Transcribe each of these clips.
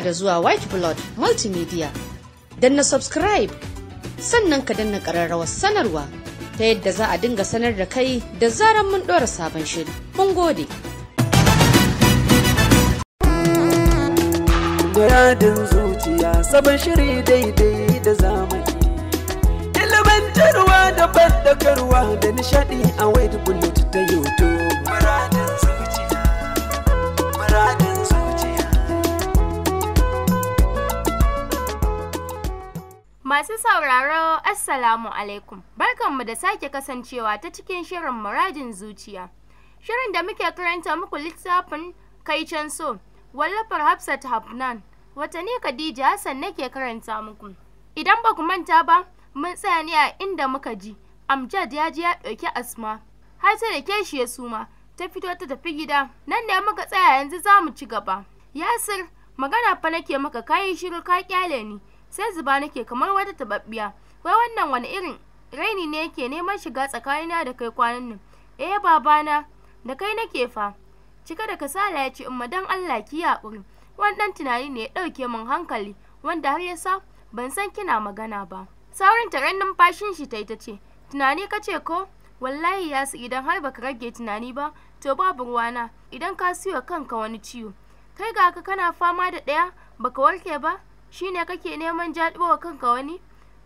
da zuwa white blood multimedia na subscribe sannan ka danna ƙararrawar sanarwa ta yadda za a dinga sanar da kai da zarar mun ɗora sabon shiri mun gode Muradin zuciya sabon shiri daidai da zamani ilimantarwa da bandakarwa da nishadi a white blood ta youtube Masu sauraro, Assalamu alaikum. Barkanmu da sake kasancewa ta cikin shirin muradin zuciya. Shirin da muke karanta muku littafin Kaicen So, wallafar Hafsat Hafnan, wata ne Khadija Hassan nake karanta muku. Idan ba ku manta ba, mun tsaya ne a inda muka ji. Amjad ya ji ya ɗauki asma, har ta da keshi ya suma, ta fito ta tafi gida. Nan ne muka tsaya yanzu za mu ci gaba. Yasir, magana fa nake maka kayi shiru ka kyale ni. sai zuba nake kamar wata tababbiya wai wannan wani irin raini ne yake neman shiga tsakanina da kai kwanan nan eh babana da kai nake fa cika da kasala ya ce umma dan Allah ki haƙuri wani ɗan tunani ne ya ɗauke min hankali wanda har yasa ban san kina magana ba saurin taron numfashin shi ta yi ce tunani ka ce ko wallahi ya su idan har baka rage tunani ba to babu ruwa na, idan ka siyo kanka wani ciwo kai ga ka kana fama da ɗaya baka warke ba Shi shine kake neman jaɗuwa kanka wani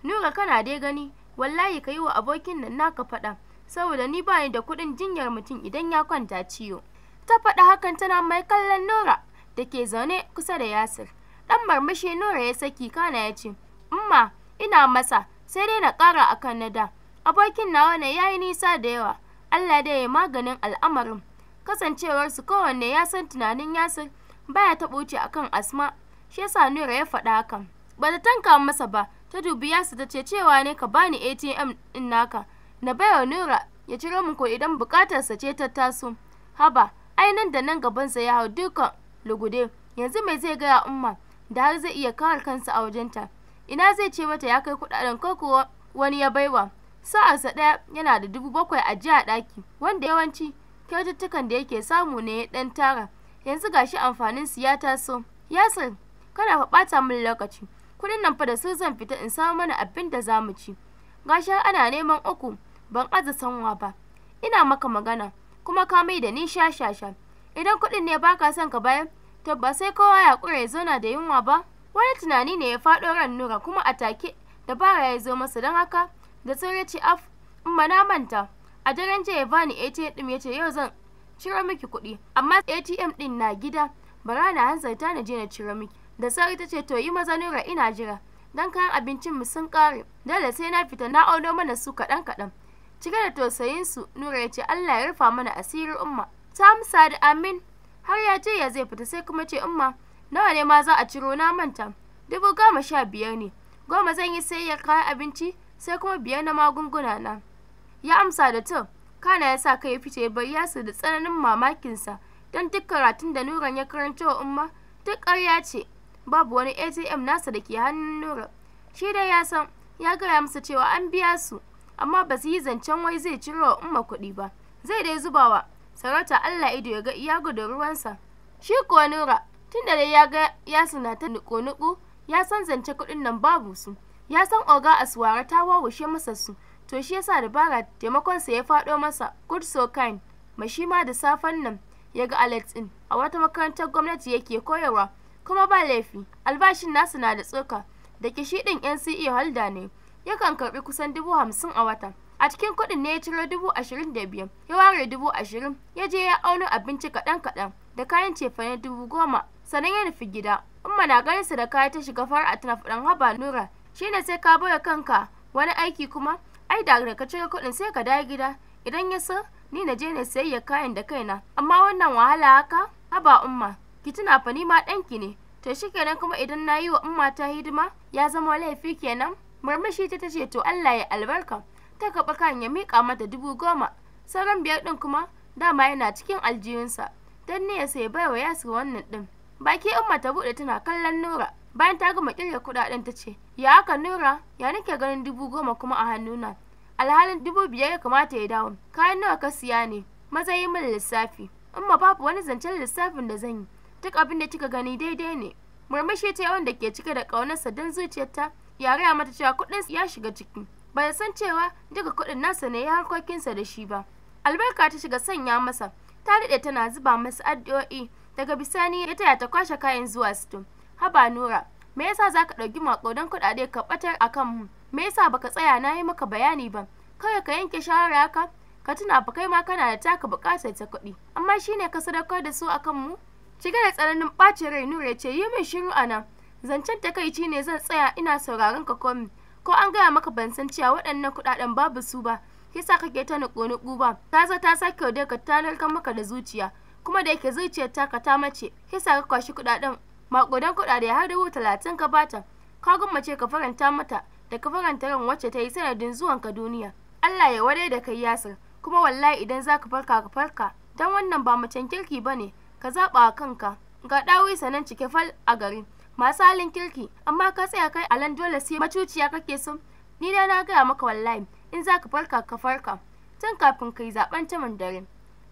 nura kana dai gani wallahi ka yi wa abokin nan naka faɗa saboda ni bani da kuɗin jinyar mutum idan ya kwanta ciwo ta faɗa hakan tana mai kallon nura da ke zaune kusa da yasir ɗan marmashi nura ya saki kana ya ce umma ina masa sai dai na ƙara akan na da abokin nawa ne ya yi nisa da yawa allah dai ya maganin al'amarin kasancewarsu kowanne ya san tunanin yasir baya taɓa wuce akan asma shi yasa nura ya faɗa hakan ba ta tanka masa ba ta dubi yasa ta ce cewa ne ka bani atm ɗin naka na baiwa nura ya ciro mu ko idan sa ce ta taso haba ai nan da nan gabansa ya hau dukan lugude yanzu mai zai gaya umma da har zai iya kawar kansa a wajenta ina zai ce mata ya kai kudaden ko kuwa wani ya baiwa sa'arsa ɗaya yana da dubu bakwai a jiya ɗaki wanda yawanci kyaututtukan da yake samu ne ya ɗan tara yanzu gashi amfanin su ya taso yasir kada fa ɓata min lokaci kuɗin nan fa da su zan fita in samu mana abin da za mu ci gashi ana neman uku ban aza sanwa ba ina maka magana kuma ka mai da ni shashasha idan kuɗin ne baka son ka bayar tabbas sai kowa ya ƙure ya zauna da yunwa ba wani tunani ne ya faɗo ran nura kuma a take da ba ya zo masa don haka da tsoro ce af amma na manta a daren jiya ya bani atm ɗin ya ce yau zan ciro miki kuɗi amma atm ɗin na gida bara na hanzarta na je na ciro miki da sauri ta ce to yi maza nura ina jira Don kayan abincin mu sun kare dole sai na fita na auno mana su kaɗan kaɗan cike da tausayin su nura ya ce allah ya rufa mana asirin umma ta amsa da amin har ya ce ya zai fita sai kuma ce umma nawa ne ma za a ciro na manta dubu goma sha biyar ne goma zan yi sayayyar kayan abinci sai kuma biyar na magunguna na ya amsa da to kana ya sa kai fice bar yasu da tsananin mamakinsa don duk karatun da nuran ya karanta wa umma duk ƙarya ce babu wani atm nasa da ke hannun nura shi dai ya san ya gaya masa cewa an biya su amma ba su yi zancen wai zai ciro wa umma kuɗi ba zai dai zubawa sarauta allah ido ya ga iya gudun ruwansa shi kuwa nura tun da dai ya ga ya suna ta nuku-nuku ya san zance kuɗin nan babu su ya san oga asuwara ta wawushe masa su to shi yasa dabara taimakonsa ya faɗo masa good so kind ma da safen nan ya ga alex ɗin a wata makarantar gwamnati yake koyarwa kuma ba laifi albashin nasu na da tsoka da kishi ɗin NCE holder ne yakan karɓi kusan dubu hamsin a wata a cikin kuɗin ne ya ciro dubu ashirin da biyar ya ware dubu ashirin ya je ya auno abinci kaɗan kaɗan da kayan cefane dubu goma sannan ya nufi gida umma na ganinsa da kaya ta shiga fara tana faɗan haba nura shine sai ka baya kanka wani aiki kuma ai da ka cire kuɗin sai ka dawo gida idan ya so ni na je na sayayya kayan da kaina amma wannan wahala haka haba umma ki tuna fa ni ma ɗanki ne to shikenan kuma idan na yi wa umma ta hidima ya zama laifi kenan murmushi ta tace to Allah ya albarka ta kaɓa kan ya miƙa mata dubu goma sauran biyar ɗin kuma dama yana cikin aljihunsa don ne ya sai wa yasu wannan ɗin baki umma ta buɗe tana kallon nura bayan ta gama kirga kuɗaɗen ta ce ya aka nura ya nake ganin dubu goma kuma a hannuna alhalin dubu biyar ya kamata ya dawo kayan nawa ka siya ne maza yi min lissafi umma babu wani zancen lissafin da zan yi duk abin da kika gani daidai ne murmushi ta wanda ke cike da ƙaunarsa don zuciyarta ya raya mata cewa kuɗin ya shiga ciki ba san cewa duka kuɗin nasa ne ya harkokinsa da shi ba albarka ta shiga sanya masa ta daɗe tana zuba masa addu'o'i daga bisani ya taya ta kwashe kayan zuwa sito haba nura me yasa ka ɗauki maƙudan kuɗaɗe ka ɓatar akan mu me yasa baka tsaya na yi maka bayani ba kawai ka yanke shawara ka ka tuna ba kai ma kana da taka buƙatar ta kuɗi amma shine ka sadaukar da su akan mu cike da tsananin ɓacin rai nura ce yi min shiru a nan zancen takaici ne zan tsaya ina sauraron ka komi ko an gaya maka ban san cewa waɗannan kuɗaɗen babu su ba sa kake ta nuku-nuku ba ta zo ta sake wadai ka ta narkar maka da zuciya kuma da yake zuciyar ka ta mace sa ka kwashi kuɗaɗen maƙudan kuɗaɗe har dubu talatin ka bata ka ce ka faranta mata da ka faranta ran wacce ta yi sanadin zuwan ka duniya Allah ya wadai da kai yasir kuma wallahi idan za ka farka ka farka Don wannan ba macen kirki ba ne ka zaɓa kanka ga ɗawi sanan cike fal a gari masu halin kirki amma ka tsaya kai a lan dole sai macuciya kake so ni da na gaya maka wallahi in za ka farka ka farka tun kafin ka yi zaɓen ta dare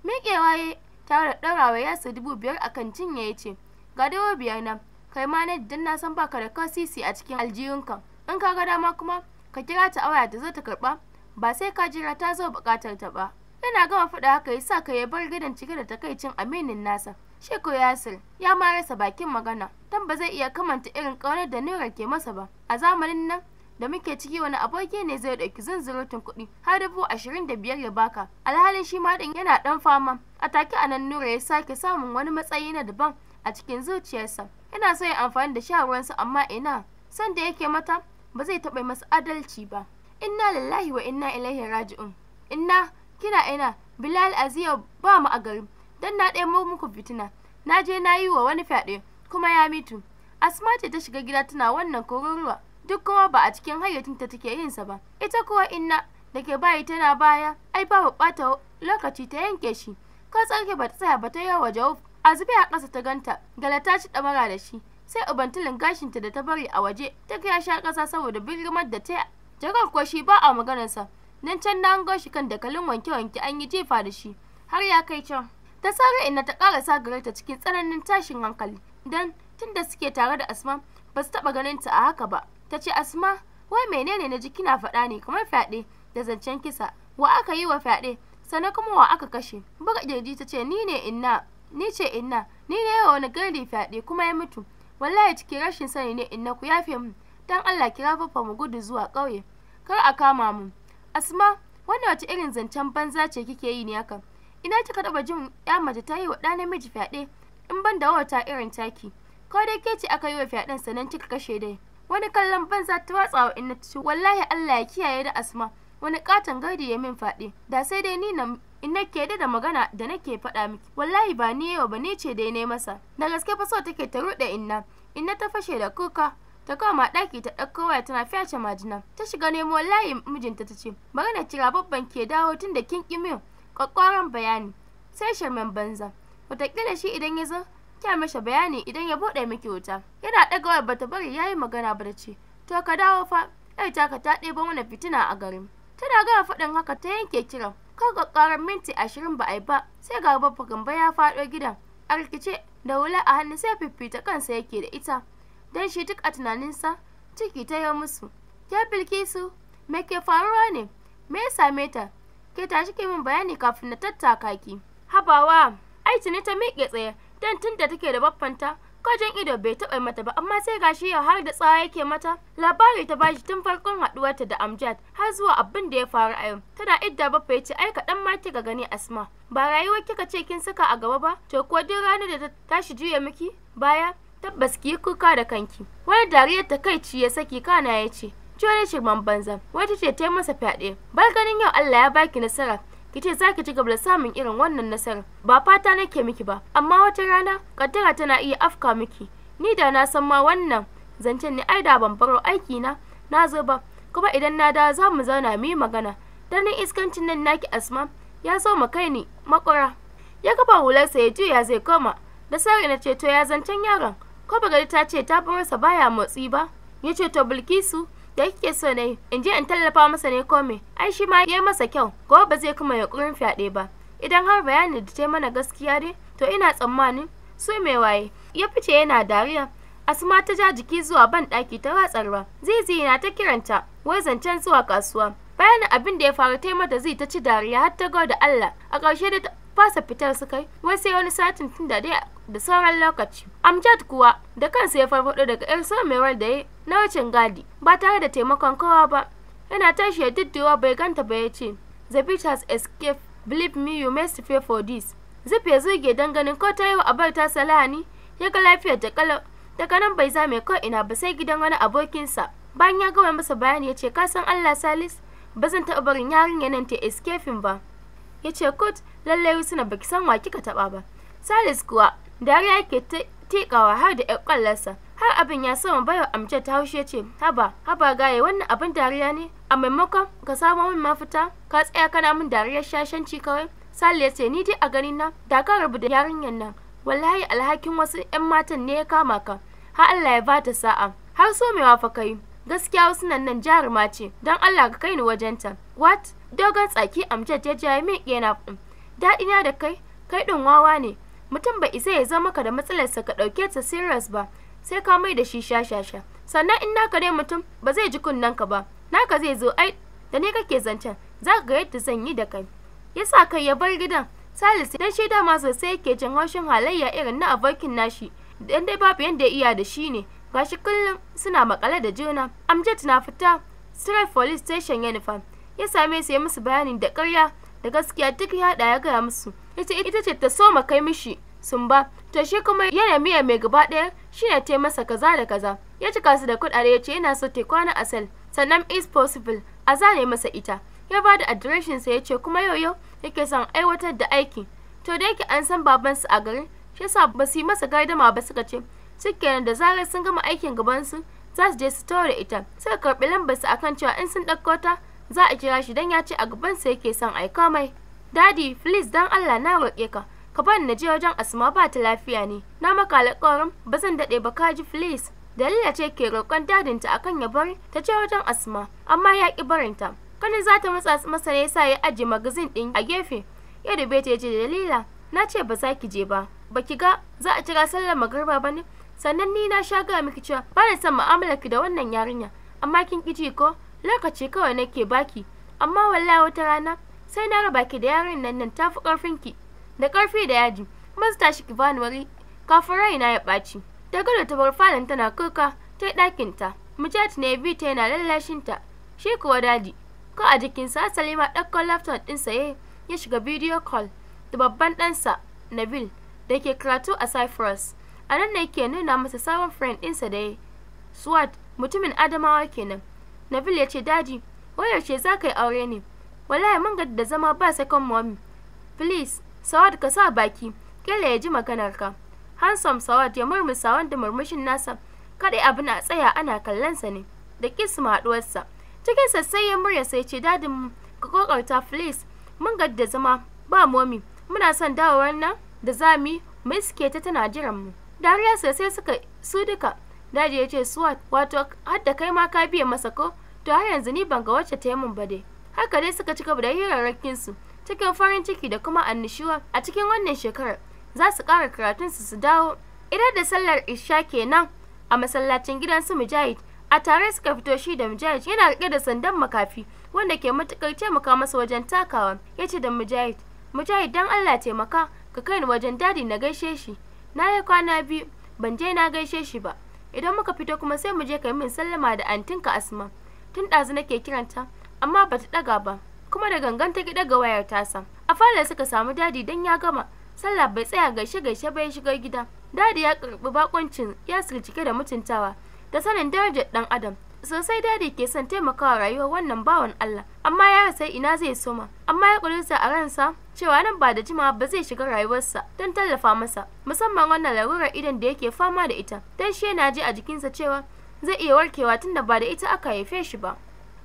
miƙewa ya tare da ɗaurawa yasa dubu biyar a kan cinye ya ce ga dawo biyar nan kai ma na jidan na san baka da kasisi a cikin aljihunka in ka ga dama kuma ka kira ta awaya da ta zo ta karɓa ba sai ka jira ta zo buƙatar ta ba yana gama faɗa haka ya sa ka ya bar gidan cike da takaicin aminin nasa Sheko Yasir ya ma rasa bakin magana, don ba zai iya kamanta irin ƙaunar da Nura ke masa ba. A zamanin nan da muke ciki wani aboki ne zai ɗauki zanzurutun kuɗi har dubu ashirin da biyar ya baka. Alhalin shi ma ɗin yana ɗan fama. A take a nan Nura ya sake samun wani matsayi na daban a cikin zuciyarsa. Yana so ya amfani da shawarwarsa amma ina sanda da yake mata ba zai taɓa masa adalci ba. Inna lillahi wa inna ilaihi raji'un. Inna kina ina bilal aziya ba mu a garin dan na ɗaya muku fitina na je na yi wa wani fyaɗe kuma ya mitu asma ce ta shiga gida tana wannan kururuwa duk kuma ba a cikin hayyacinta take yin sa ba ita kuwa inna da ke bayi tana baya ai ba ɓata lokaci ta yanke shi ko tsarki ba ta tsaya ba ta yawa jawuf a zube a ƙasa ta ganta gala ta ci ɗamara da shi sai ubantilin gashinta da ta bari a waje ta ya sha ƙasa saboda birgimar da ta jagar kuwa shi ba a maganarsa nan can na an shi kan dakalin wanke-wanke an yi jefa da shi har ya kai can ta sare ina ta kara gare ta cikin tsananin tashin hankali don tunda suke tare da asma ba su taɓa ganin ta a haka ba ta ce asma wai menene na jiki na faɗa ne kamar fyaɗe da zancen kisa wa aka yi wa fyaɗe sannan kuma wa aka kashe buga ƙirji ta ce ni ne inna ni ce inna ni ne yawa wani gardi fyaɗe kuma ya mutu wallahi cikin rashin sani ne inna ku yafe mu dan Allah kira fafa mu gudu zuwa ƙauye kar a kama mu Asma, wannan wace irin zancen banza ce kike yi ne haka? Ina kika taba jin ya mace ta yi wa ɗa namiji fyaɗe in ban da wata irin taki. Ko dai ke ce aka yi wa fyaɗen sanan kika kashe dai. Wani kallon banza ta watsawa wa inna ci wallahi Allah ya kiyaye da Asma. Wani katon gadi ya min fyaɗe. Da sai dai ni na in nake da magana da nake faɗa miki wallahi ba ni yau ba ni ce dai ne masa da gaske fa so take ta ruɗe inna inna ta fashe da kuka ta koma ɗaki ta ɗauko waya tana fyace majina ta shiga nemo layin mijinta ta ce magana cira babban ke dawo tun da kin kimin kwakwaran bayani sai sharmen banza wataƙila shi idan ya zo kya masa bayani idan ya buɗe miki wuta yana ɗaga wayar bata bari ya yi magana ba da ce to ka dawo fa yar taka ta ɗebo mana fitina a garin tana gama faɗin haka ta yanke kiran Ko kwakwaran minti ashirin ba a yi ba sai ga babba gamba ya faɗo gidan a rikice da wula a hannu sai fifita kansa yake da ita don shi duk a tunaninsa ciki ta yi musu ya bilkisu me ke faruwa ne me ya same ta ke tashi ke min bayani kafin na tattaka ki habawa ai tuni ta miƙe tsaye don tun da take da baffanta kajin ido bai taɓa mata ba amma sai gashi ya har da tsaya yake mata labari ta bashi tun farkon haɗuwarta da amjad har zuwa abin da ya faru a yau tana idda baffa ya ce ai ɗan ma ga gani asma ba rayuwar kika ce kin saka a gaba ba to ko duk ranar da ta tashi juya miki baya tabbas ki yi kuka da kanki wani dariyar ta kai ci ya saki kana ya ce jone man banza wata ce ta yi masa fyaɗe bar ganin yau Allah ya baki nasara ki ce zaki ci gaba da samun irin wannan nasara. ba fata nake miki ba amma wata rana kaddara tana iya afka miki ni da na san ma wannan zancen ne ai da ban baro aiki na na zo ba kuma idan na da za mu zauna mu yi magana danin iskancin nan naki asma ya zo mu kai ni makura ya kafa sa ya juya zai koma da sauri na ceto ya zancen yaron ko gari ta ce ta bar baya motsi ba ya ce to bilkisu da kike so ne in je in tallafa masa ne ko me ai shi ma ya masa kyau gobe ba zai kuma yaƙurin fyaɗe ba idan har bayani da ta mana gaskiya ne to ina tsammanin su mai waye ya fice yana dariya asma ta ja jiki zuwa ban ɗaki ta ratsarwa zizi na ta kiranta wai zancen zuwa kasuwa bayan abin da ya faru ta mata zai ta ci dariya har ta da Allah a ƙarshe da fasa fitar su kai wai sai wani satin tun da dai da sauran lokaci Amjad kuwa da kansa ya farfado daga ‘yar wal da ya na wucin gadi ba tare da taimakon kowa ba. Yana tashi ya diddewa bai ganta ba ya ce, The bitch has escaped, believe me you must pay for this. Zip ya zuge don ganin ko ta yi wa abar ta salani ya ga lafiyar ta kalau daga nan bai zame ko ina ba sai gidan wani abokinsa. Bayan ya gama masa bayani ya ce, Ka san Allah Salis, ba zan taɓa barin yarinya nan ta escaping ba. Ya ce, Kot, lallai suna baki san wa kika taɓa ba. Salis kuwa, dariya ke ta tikawa har da ƴar kallarsa har abin ya sama baiwa amce ta haushe ce haba haba gaye wannan abin dariya ne a maimakon ka samo min mafita ka tsaya kana min dariyar shashanci kawai sale ya ce ni dai a gani na da ka rabu da yarinyar nan wallahi alhakin wasu yan matan ne ya kama ka har Allah ya bata sa'a har so mai wafa kai gaskiya wasu nan nan jaruma ce don Allah ka kai ni wajenta what dogon tsaki amce ta jaye min yana daɗina da kai kai ɗin wawa ne mutum bai isa ya zama ka da matsalarsa ka ɗauke ta serious ba sai ka mai da shi sha sannan in naka dai mutum ba zai ji kunnen ka ba naka zai zo ai da ne kake zancen za ka ga yadda zan yi da kai yasa kai ya bar gidan salisu dan shi dama sosai yake jin haushin halayya irin na abokin nashi dan dai babu yanda iya da shi ne gashi kullum suna makale da juna amjad na fita straight police station nufa. ya same su ya musu bayani da ƙarya da gaskiya duk ya haɗa ya gaya musu ita ita ce ta so ma kai mishi sun ba to shi kuma yana miya mai gaba ɗaya shi ne ta masa kaza da kaza ya cika su da kuɗaɗe ya ce yana so ta kwana a sel sannan is possible a zane masa ita ya ba da adireshinsa ya ce kuma yau yau yake son aiwatar da aiki to da yake an san babansu a garin shi yasa ba su yi masa gaidama ba suka ce suke da zarar sun gama aikin gabansu za su je su tawo ita suka karɓi su akan cewa in sun ɗauko ta za a kira shi don ya ce a gabansa yake son ai komai dadi please dan Allah na roƙe ka ka bani na je wajen asma ba ta lafiya ne na maka alƙawarin ba zan daɗe ba ka ji please dalila ce ke roƙon dadinta kan ya bari ta je wajen asma amma ya ƙi barinta kanin za ta matsa masa ne sa ya ajiye magazin ɗin a gefe ya dube ta ce dalila na ce ba za ki je ba baki ga za a kira sallar magarba ba ne sannan ni na sha miki cewa ba na son mu'amalar ki da wannan yarinya amma kin ki ko lokaci kawai nake baki amma wallahi wata rana sai na raba ki da yarin nan nan tafi karfin ki da karfi da yaji kuma su tashi ki bani wari kafin raina ya ɓaci ta gado ta bar falon tana kuka ta yi ɗakin ta na ne bi ta yana lallashin ta shi kuwa daji ko a jikin sa salima ɗaukar laptop ɗin saye ya shiga bidiyo call da babban ɗansa nabil da ke karatu a cyprus a nan ne ke nuna masa sabon friend ɗinsa da ya swat mutumin adamawa kenan Nabil ya ce daji yaushe za ka yi aure ne wallahi mun ga da zama ba second mommy please Sawad ka sa baki kila ya ji maganar ka hansom Sawad ya murmusa wanda murmushin nasa kada abin a tsaya ana kallon sa ne da kisma haɗuwarsa cikin ya murya sai ce dadin ka kokarta please mun ga da zama ba momi. muna son dawowar nan da zami mu suke ta tana jiran mu dariya sosai suka su duka daji ya ce suwat wato har kai ma ka biye masa ko to har yanzu ni ban ga wacce ta yi mun ba dai haka dai suka ci gaba da hirarrakin su cikin farin ciki da kuma annishuwa a cikin wannan shekarar za su ƙara karatunsu su dawo idan da sallar isha kenan a masallacin gidan su mujahid a tare suka fito shi da mujahid yana rike da sandan makafi wanda ke matukar taimaka masa wajen takawa ya ce da mujahid mujahid dan allah taimaka ka kai ni wajen dadi na gaishe shi na yi kwana biyu ban je na gaishe shi ba idan muka fito kuma sai mu je ka yi min sallama da antinka asma tun ɗazu nake kiranta amma bata ɗaga ba kuma da gangan ta ga wayar tasa a fara suka samu dadi dan ya gama sallah bai tsaya gaishe gaishe bai shiga gida dadi ya karɓi bakoncin ya cike da mutuntawa da sanin darajar ɗan adam sosai dadi ke son taimakawa rayuwar wannan bawan Allah amma ya rasa ina zai soma amma ya ƙudurta a ransa cewa nan ba da jimawa ba zai shiga rayuwarsa don tallafa masa musamman wannan larurar idan da yake fama da ita don shi yana ji a jikinsa cewa zai iya warkewa tunda ba da ita aka haife shi ba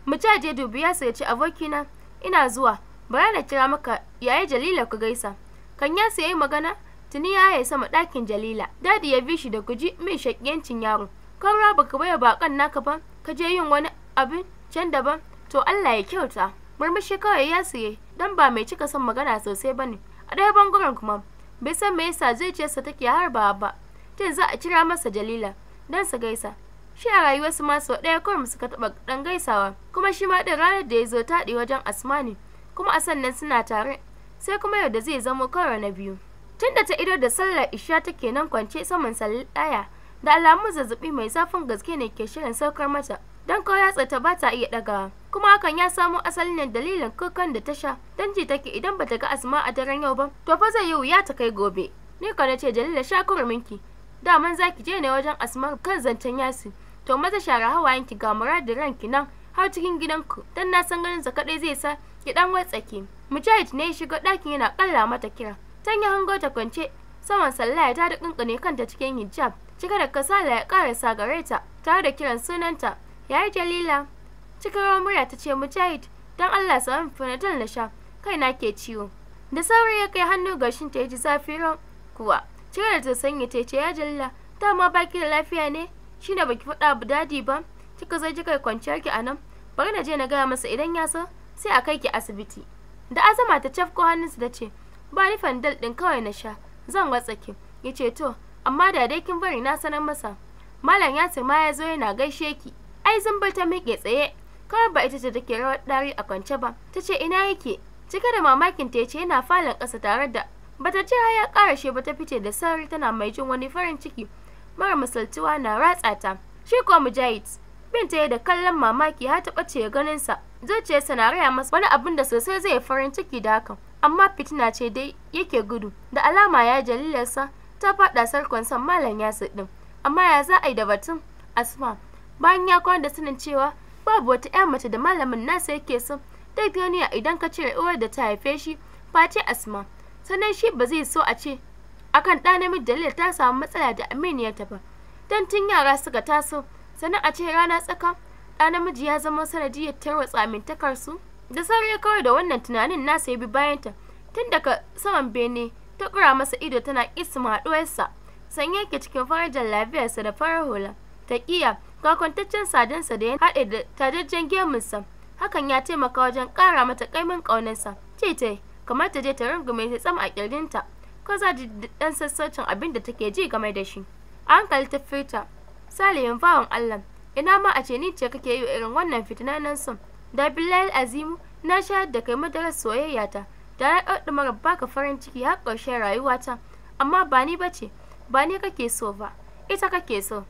mu caje dubi ya sai ce abokina ina zuwa bara na kira maka yayi Jalila ku gaisa kan ya sai magana tuni ya yi sama ɗakin Jalila dadi ya bi shi da guji min shakiyancin yaro kan raba ka baya bakan naka ba ka je yin wani abin can daban to Allah ya kyauta murmushi kawai ya siye Dan ba mai cika son magana sosai ba ne a ɗaya bangaren kuma bai san me yasa zuciyarsa take harba ba tun za a kira masa jalila Dan su gaisa shi a rayuwarsu ma sau ɗaya kurum suka taɓa ɗan gaisawa kuma shi ma ɗin ranar da ya zo taɗi wajen asmani kuma a sannan suna tare sai kuma yau da zai zama karo na biyu tun da ta ido da sallar isha take nan kwance saman sallaya da alamun zazzabi mai zafin gaske ne ke shirin saukar mata don kawai yatsa ta ba ta iya ɗagawa kuma hakan ya samo asalin ne dalilin kukan da ta sha don ji take idan ba ta ga asma a daren yau ba to fa zai yi wuya ta kai gobe ni ka ce jalila shakur minki daman zaki je ne wajen asma kan zancen yasi to maza share hawayenki ga muradin ranki nan har cikin gidanku dan na san ganin kaɗai zai sa ki dan watsake mujahid ne ya shiga ɗakin yana ƙalla mata kira tan ya hango ta kwance saman sallaya ta da kankane kanta cikin hijab Cika da kasala ya karasa gare ta tare da kiran sunanta yi jalila cika rawar murya ta ce mujahid don allah samu fanatal na sha Kai na ke ciwo da sauri ya kai hannu gashin ta ji zafi kuwa cika da ta sanya ta ce ya jalila ta ma baki da lafiya ne Shi shine baki faɗa abu dadi ba Cika zai kika kwanciyar ki a nan bari na je na gaya masa idan ya so sai a kai ki asibiti da azama ta cafko hannunsa da ce ba ni fandal ɗin kawai na sha zan watsa ki ya ce to amma da dai kin bari na sanar masa malam ce ma ya zo yana gaishe ki ai zumbul ta miƙe tsaye kawai ba ita ce take rawar ɗari a kwance ba ta ce ina yake cike da mamakin ta ce yana falon ƙasa tare da bata ce har ya ƙarashe ba ta fice da sauri tana mai jin wani farin ciki mara misaltuwa na ratsa ta shi mu mujahid bin ta da kallon mamaki har ta sa. Zai zuciyarsa na raya masa wani abin da sosai zai farin ciki da haka amma fitina ce dai yake gudu da alama ya jalilarsa ta faɗa sarkon son malam yasir ɗin amma ya za a yi da batun asma bayan ya kwana da sanin cewa babu wata ƴan mace da malamin nasa yake son dai duniya idan ka cire uwar da ta haife shi face asma sannan shi ba zai so a ce akan ɗa namiji dalil ta samu matsala da aminiyar ta ba don tun yara suka taso sannan a ce rana tsaka ɗa namiji ya zama sanadiyar tarwatsa amintakar su da sauri kawai da wannan tunanin nasa ya bi bayanta tun daga saman bene ta ƙura masa ido tana isma haɗuwarsa sanye yake cikin farar jallabiyarsa da farar hula ta ga kwantaccen sadinsa da ya haɗe da tajajjen gemunsa hakan ya taimaka wajen ƙara mata ƙaimin ƙaunarsa ce ta kamar ta je ta rungume ta tsam a ƙirjinta ko za ji ɗan sassaucin abin da take ji game da shi a hankali ta fita salihin bawan allah ina ma a ce ni ce kake yi irin wannan fitinanan son da billahi azimu na shayar da kai madarar soyayya ta da na mara baka farin ciki har rayuwa rayuwata amma ba ni ba ce ba ni kake so ba ita kake so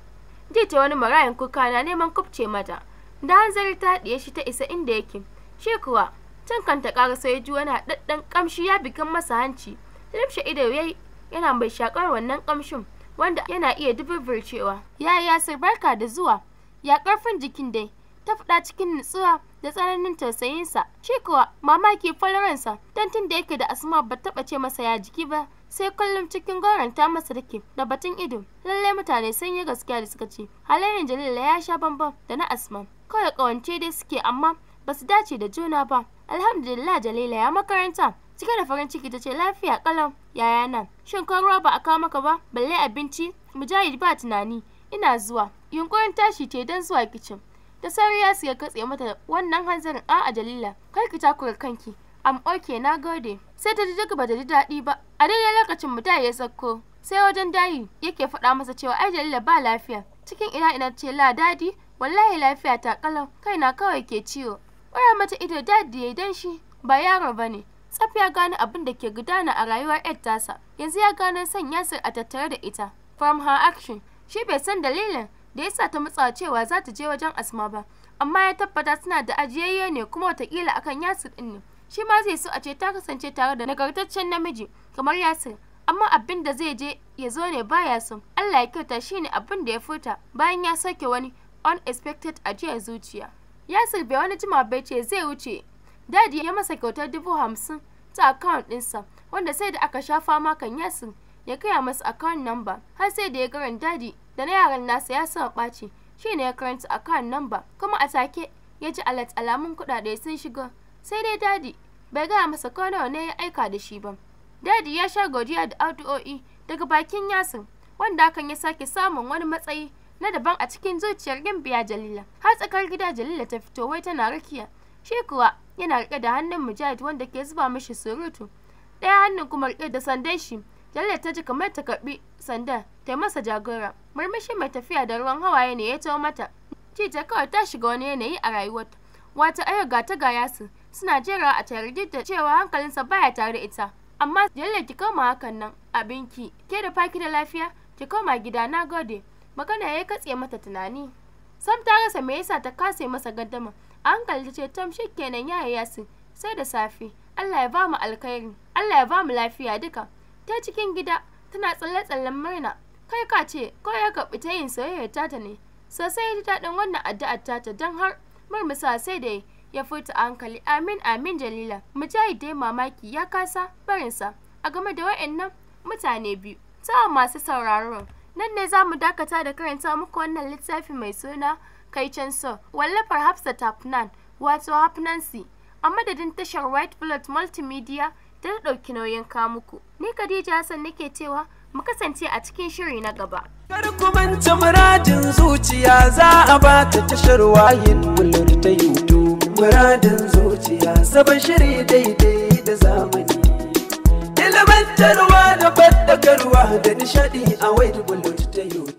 ji ta wani marayan kuka na neman kubce mata da hanzari ta haɗiye shi ta isa inda yake shi kuwa tun kanta ƙara sai ji wani haɗaɗɗen ƙamshi ya bikin masa hanci rufe ido ya yana mai shakar wannan ƙamshin wanda yana iya dubircewa ya yi barka da zuwa ya ƙarfin jikin dai ta faɗa cikin nutsuwa da tsananin tausayinsa shi kuwa mamaki sa. don tun da yake da asma ba taɓa ce masa ya jiki ba sai kullum cikin ta masa take da batun ido lallai mutane sun yi gaskiya da suka ce halayen jalila ya sha bambam da na asma kawai kawance dai suke amma ba su dace da juna ba alhamdulillah jalila ya makaranta cike da farin ciki ta ce lafiya kalam yaya nan shin kan ruwa ba a kawo maka ba balle abinci mujahid ba tunani ina zuwa yunkurin tashi te don zuwa kicin da sauri ya siya katse mata wannan hanzarin a jalila kai ki takura kanki am oke na gode sai ta ji ba bata ji daɗi ba a daidai lokacin mu ya sakko sai wajen dayi yake faɗa masa cewa ai jalila ba lafiya cikin ina ina ce la dadi wallahi lafiya ta kalau na kawai ke ciwo ƙwara mata ido dadi ya dan shi ba yaro ne tsaf ya gano abin da ke gudana a rayuwar yar tasa yanzu ya gano son yasir a tattare da ita from her action shi bai san dalilin da ya sa ta matsawa cewa za ta je wajen asma ba amma ya tabbata suna da ajiyayye ne kuma watakila akan yasir din ne shi ma zai so a ce ta kasance tare da nagartaccen namiji kamar yasir amma abin da zai je ya zo ne baya son Allah ya kyauta shi ne abin da ya furta bayan ya sake wani unexpected ajiyar zuciya yasir bai wani jima bai ce zai wuce dadi ya masa kyautar dubu hamsin ta account ɗinsa wanda sai da aka sha fama kan yasir ya kaya masa account number har sai da ya garan dadi da na yaran nasa ya sama ɓaci shi ne ya karanta account number kuma a take ya ji alat alamun kuɗaɗe sun shiga sai dai dadi bai gaya masa ko nawa ne ya aika da shi ba dadi ya sha godiya da addu'o'i daga bakin yasin wanda hakan ya sake samun wani matsayi na daban a cikin zuciyar gimbiya jalila har tsakar gida jalila ta fito wai tana rakiya shi kuwa yana rike da hannun mujahid wanda ke zuba mishi surutu ɗaya hannun kuma rike da sandan shi Jalle ta ji kamar ta karɓi sandan ta masa jagora. Murmushi mai tafiya da ruwan hawaye ne ya tawo mata. Ci ta kawai ta shiga wani yanayi a rayuwarta. Wata ayo ga ta ga yasu suna jera a tare da cewa hankalinsa baya tare da ita. Amma Jalle ki koma hakan nan abinki. Ke da faki da lafiya ki koma gida na gode. Magana ya katse mata tunani. Sam ta rasa me yasa ta kase masa gaddama. A hankali ta ce tam kenan yaya yasu sai da safe. Allah ya ba mu alkhairi. Allah ya ba mu lafiya duka. ta cikin gida tana tsalle-tsallen murna kai ka ce ko ya kaɓi ta yin soyayyar tata ne sosai ta daɗin wannan addu'ar tata don har murmusa sai da ya furta hankali amin amin jalila mujahid dai mamaki ya kasa barinsa a game da wa'annan mutane biyu ta masu sauraron nan ne za mu dakata da karanta muku wannan littafi mai suna kai can so wallafar hafsa tafnan wato hafnansi a madadin tashar white blood multimedia don ɗauki nauyin kamuku. Ni Khadija Hassan nake cewa mu kasance a cikin shiri na gaba. Kar ku manta muradin zuciya za a ba ta tashar wayin mulir ta YouTube. Muradin zuciya sabon shiri daidai da zamani. Ilimantarwa da fadakarwa da nishaɗi a wayar bullet ta YouTube.